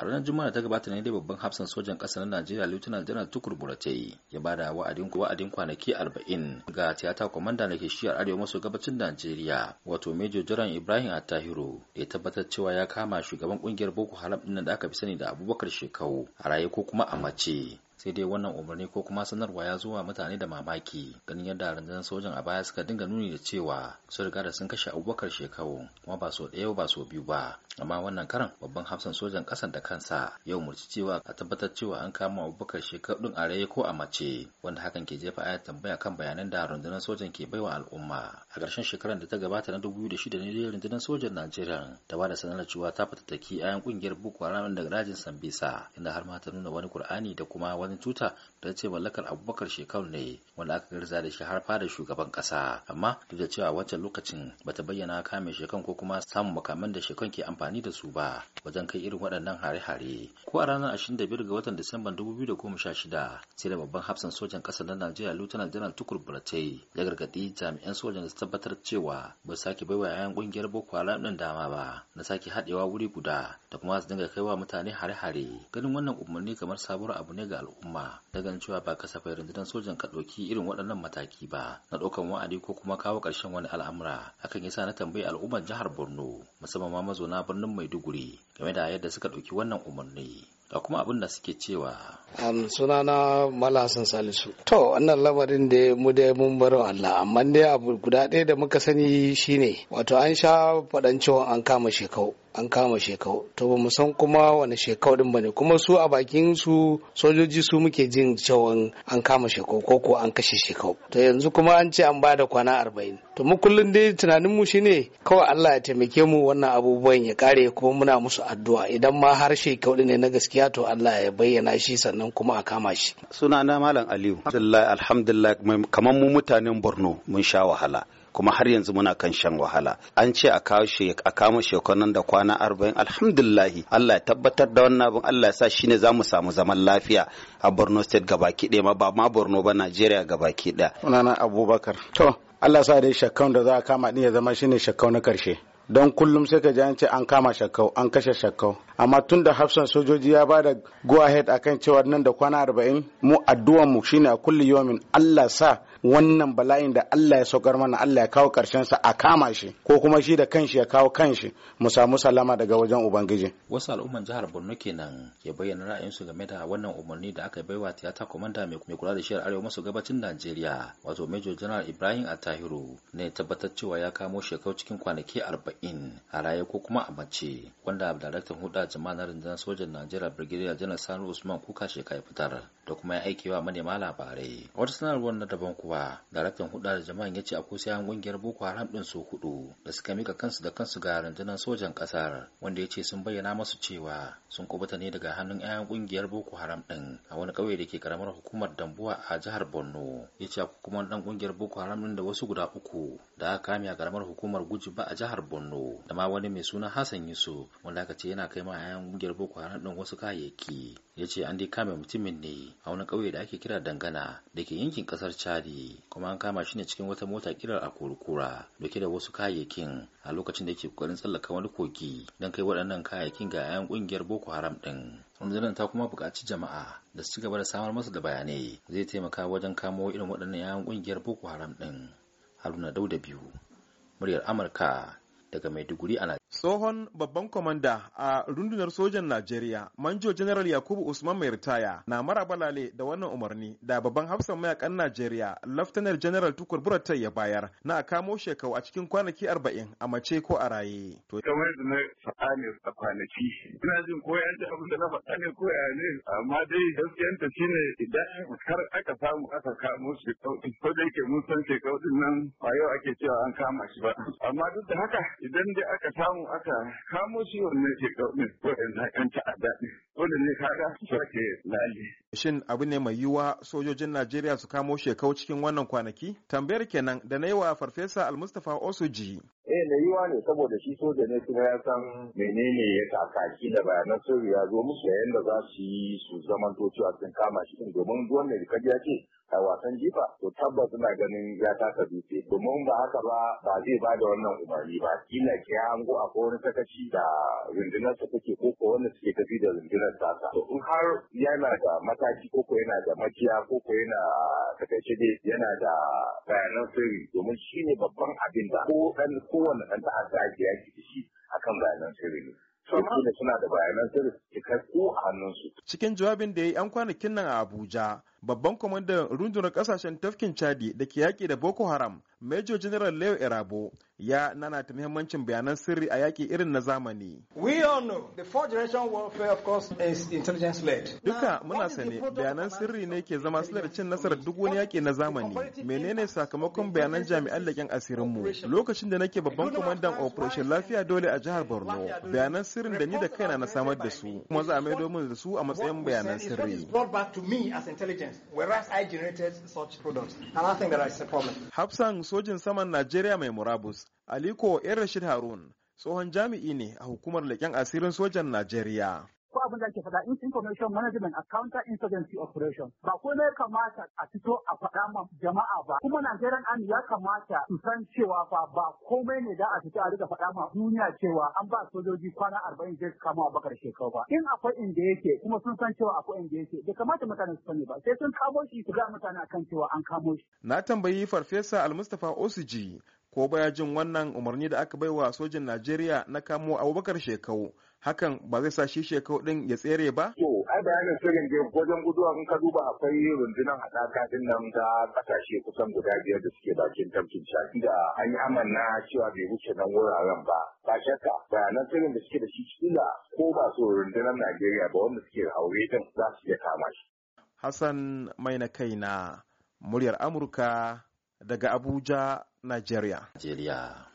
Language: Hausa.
a ranar juma'a ta gabata ne dai babban hafsan sojan ƙasa na najeriya lieutenant general tukur buratai ya ba da wa'adin wa'adin kwanaki arba'in ga tiyata kwamanda da ke shiyar arewa maso gabacin najeriya wato major jiran ibrahim attahiru da ya tabbatar cewa ya kama shugaban kungiyar boko haram din da aka fi sani da abubakar shekau a raye ko kuma a mace sai dai wannan umarni ko kuma sanarwa ya zuwa mutane da mamaki ganin yadda rundunar sojan a baya suka dinga nuni da cewa sun riga da sun kashe abubakar shekau kuma ba so ɗaya ba so biyu ba amma wannan karan babban hafsan sojan kasan da kansa ya umarci cewa a tabbatar cewa an kama abubakar shekaru ɗin a raye ko a mace wanda hakan ke jefa ayat tambaya kan bayanan da rundunar sojan ke baiwa al'umma a ƙarshen shekarar da ta gabata na dubu da shida ne dai rundunar sojan Najeriya ta ba da sanar cewa ta fatattaki yayan kungiyar Boko Haram daga rajin Sambisa inda har ma ta nuna wani Kur'ani da kuma wani tsakanin tuta da ce mallakar abubakar shekau ne wanda aka garza da shi har fada shugaban kasa amma duk da cewa wancan lokacin bata bayyana kame shekan ko kuma samun makaman da shekan ke amfani da su ba wajen kai irin waɗannan hare-hare ko a ranar 25 ga watan disamban shida, sai da babban hafsan sojan ƙasa na najeriya lieutenant general tukur buratai ya gargaɗi jami'an sojan da su tabbatar cewa ba su sake baiwa yayan ƙungiyar boko haram ɗin dama ba na sake haɗewa wuri guda da kuma su dinga kaiwa mutane hare-hare ganin wannan umarni kamar sabuwar abu ne ga al'umma al'umma da ganin cewa ba kasafai rundunar sojan ka ɗauki irin waɗannan mataki ba na ɗaukan wa'adi ko kuma kawo ƙarshen wani al'amura hakan sa na tambayi al'ummar jihar Borno musamman ma mazauna birnin Maiduguri game da yadda suka ɗauki wannan umarni da kuma abin da suke cewa. Um, sunana Malasan Salisu. To, wannan lamarin da mu da mun bar Allah, amma dai abu guda ɗaya da muka sani shine wato an sha faɗan cewa an kama shekau. an kama shekau to ba san kuma wani shekau din bane kuma su a bakin su sojoji su muke jin cewa an kama shekau ko ko an kashe shekau to yanzu kuma an ce an ba da kwana arba'in to mu kullum dai tunanin mu shine kawai Allah ya taimake mu wannan abubuwan ya kare kuma muna musu addu'a idan ma har shekau din ne na gaskiya to Allah ya bayyana shi sannan kuma a kama shi sunana malam Aliyu alhamdulillah alhamdulillah kamar mu mutanen Borno mun sha wahala kuma har yanzu muna kan shan wahala an ce a kawo a kama shekwanan da kwana arba'in alhamdulillahi Allah ya tabbatar da wannan abin Allah ya sa shine za mu samu zaman lafiya a Borno State gabaki ɗaya ma ba ma Borno ba Najeriya gabaki ɗaya. Sunana Abubakar. To Allah sa dai shakkau da za a kama ɗin ya zama shine shakkau na karshe don kullum sai ka ji an ce an kama shakkau an kashe shakkau amma tun da hafsan sojoji ya ba da go ahead akan cewa nan da kwana arba'in mu addu'an mu shine a kulli yomin Allah sa wannan bala'in da Allah ya saukar mana Allah ya kawo karshen sa a kama shi ko kuma shi da kanshi ya kawo kanshi mu samu salama daga wajen ubangiji wasu al'umman jihar Borno kenan ke bayyana su game da wannan umarni da aka baiwa tiyata komanda mai kula da shiyar arewa maso gabacin Najeriya wato Major General Ibrahim Atahiru ne tabbatar cewa ya kamo shekau cikin kwanaki arba'in a raye ko kuma a mace wanda daraktan huda jama'a na rundunar sojan Najeriya Brigadier janar Sani Usman Kuka sheka fitar da kuma ya aikewa manema labarai wata sanarwar na daban ko kuwa daraktan hudu da jama'an ya ce akwai 'yan kungiyar boko haram din su hudu da suka mika kansu da kansu ga rundunar sojan kasar wanda ya ce sun bayyana masu cewa sun kubuta ne daga hannun 'yan kungiyar boko haram din a wani kauye da ke karamar hukumar dambuwa a jihar borno ya ce a kuma dan kungiyar boko haram din da wasu guda uku da aka kame a karamar hukumar guji ba a jihar borno da ma wani mai suna hassan yusuf wanda aka ce yana kai ma 'ya'yan kungiyar boko haram din wasu kayayyaki ya ce an dai kame mutumin ne a wani kauye da ake kira dangana da ke yankin kasar chadi kuma an kama shi ne cikin wata mota kirar a kurkura dauke da wasu kayayyakin a lokacin da yake kokarin tsallaka wani kogi don kai waɗannan kayayyakin ga 'yan ƙungiyar boko haram ɗin rundunar ta kuma buƙaci jama'a da su gaba da samar masa da bayanai zai taimaka wajen kamo irin waɗannan 'yan ƙungiyar boko haram ɗin haruna dauda biyu muryar amurka daga maiduguri a Tsohon babban kwamanda a rundunar sojan Najeriya, Manjo General Yakubu Usman mai ritaya na marabalale da wannan umarni da babban hafsan mayakan Najeriya, Laftanar General Tukur Buratai ya bayar na a kamo shekau a cikin kwanaki arba'in a mace ko a raye. To kamar da na faɗa ne a kwanaki, ina jin ko yan abin da na faɗa ne ko ya ne, amma dai gaskiyanta shine idan har aka samu aka kamo shekau din, ko da yake mun san shekau din nan ba yau ake cewa an kama shi ba. Amma duk da haka idan dai aka samu samu aka kamo shi wannan ‘yan ta'adda ne kaga lali. Shin abu ne mai yiwuwa sojojin Najeriya su kamo shekau cikin wannan kwanaki? Tambayar kenan da na yi wa Farfesa Almustapha Osoji. eh na yiwa ne saboda shi soja ne kuma ya san menene ya kakaki da bayanan sirri ya zo musu yayin da za su yi su zamanto cewa sun kama shi domin duwan da kaji ya ce a wasan jifa to tabbas suna ganin ya taka dutse domin ba haka ba ba zai ba da wannan umarni ba kila ke hango a wani sakaci da rundunar ta take ko ko wanda suke tafi da rundunar sa to in har yana da mataki ko ko yana da makiya ko ko yana takaice dai yana da bayanan sirri domin shine babban abin da ko dan kowanne dan ta'adda ya yaki shi akan bayanan sirri ne. Suna da bayanan sirri a hannunsu. Cikin jawabin da ya yi 'yan kwanakin nan a Abuja, babban kwamandan rundunar kasashen tafkin Chadi da ke yaƙi da Boko Haram, Major General Leo Erabo, ya nanata muhimmancin bayanan sirri a yaƙi irin na zamani. We all know the fourth generation warfare of course is intelligence led. Duka muna sani, bayanan sirri ne ke zama silar cin nasarar duk wani yaƙi na zamani. Menene sakamakon bayanan jami'an asirin mu? Lokacin da nake babban kwamandan Operation Lafiya Dole a jihar Borno, bayanan sirrin da ni da kaina na samar da su. kuma za a maido da su a matsayin bayanan sirri. Hafsan sojin saman Najeriya mai murabus, Aliko Yan Rashid Harun, tsohon jami'i ne a hukumar leƙen asirin sojan Najeriya. abin da ake faɗa information management a counter insurgency operation ba komai ya kamata a fito a faɗa ma jama'a ba kuma Nigerian Army ya kamata su san cewa fa ba komai ne da a fito a riga faɗa ma duniya cewa an ba sojoji kwana arba'in zai kama bakar shekau ba in akwai inda yake kuma sun san cewa akwai inda yake bai kamata mutane su sani ba sai sun kamo shi su ga mutane akan cewa an kamo shi na tambayi farfesa almustapha osiji ko baya wannan umarni da aka baiwa sojin najeriya na kamo abubakar shekau hakan ba zai sa shi shekau din ya tsere ba? To, ai bayanin sirrin dai wajen guduwa in ka duba akwai rundunar haɗaka din nan ta ƙasashe kusan guda biyar da suke bakin tafkin shafi da an yi amanna cewa bai wuce nan wuraren ba. Ba shakka bayanan sirrin da suke da shi kila ko ba su rundunar Najeriya ba wanda suke aure din za su iya kama shi. Hassan mai na kai na muryar Amurka daga Abuja, Najeriya. Najeriya.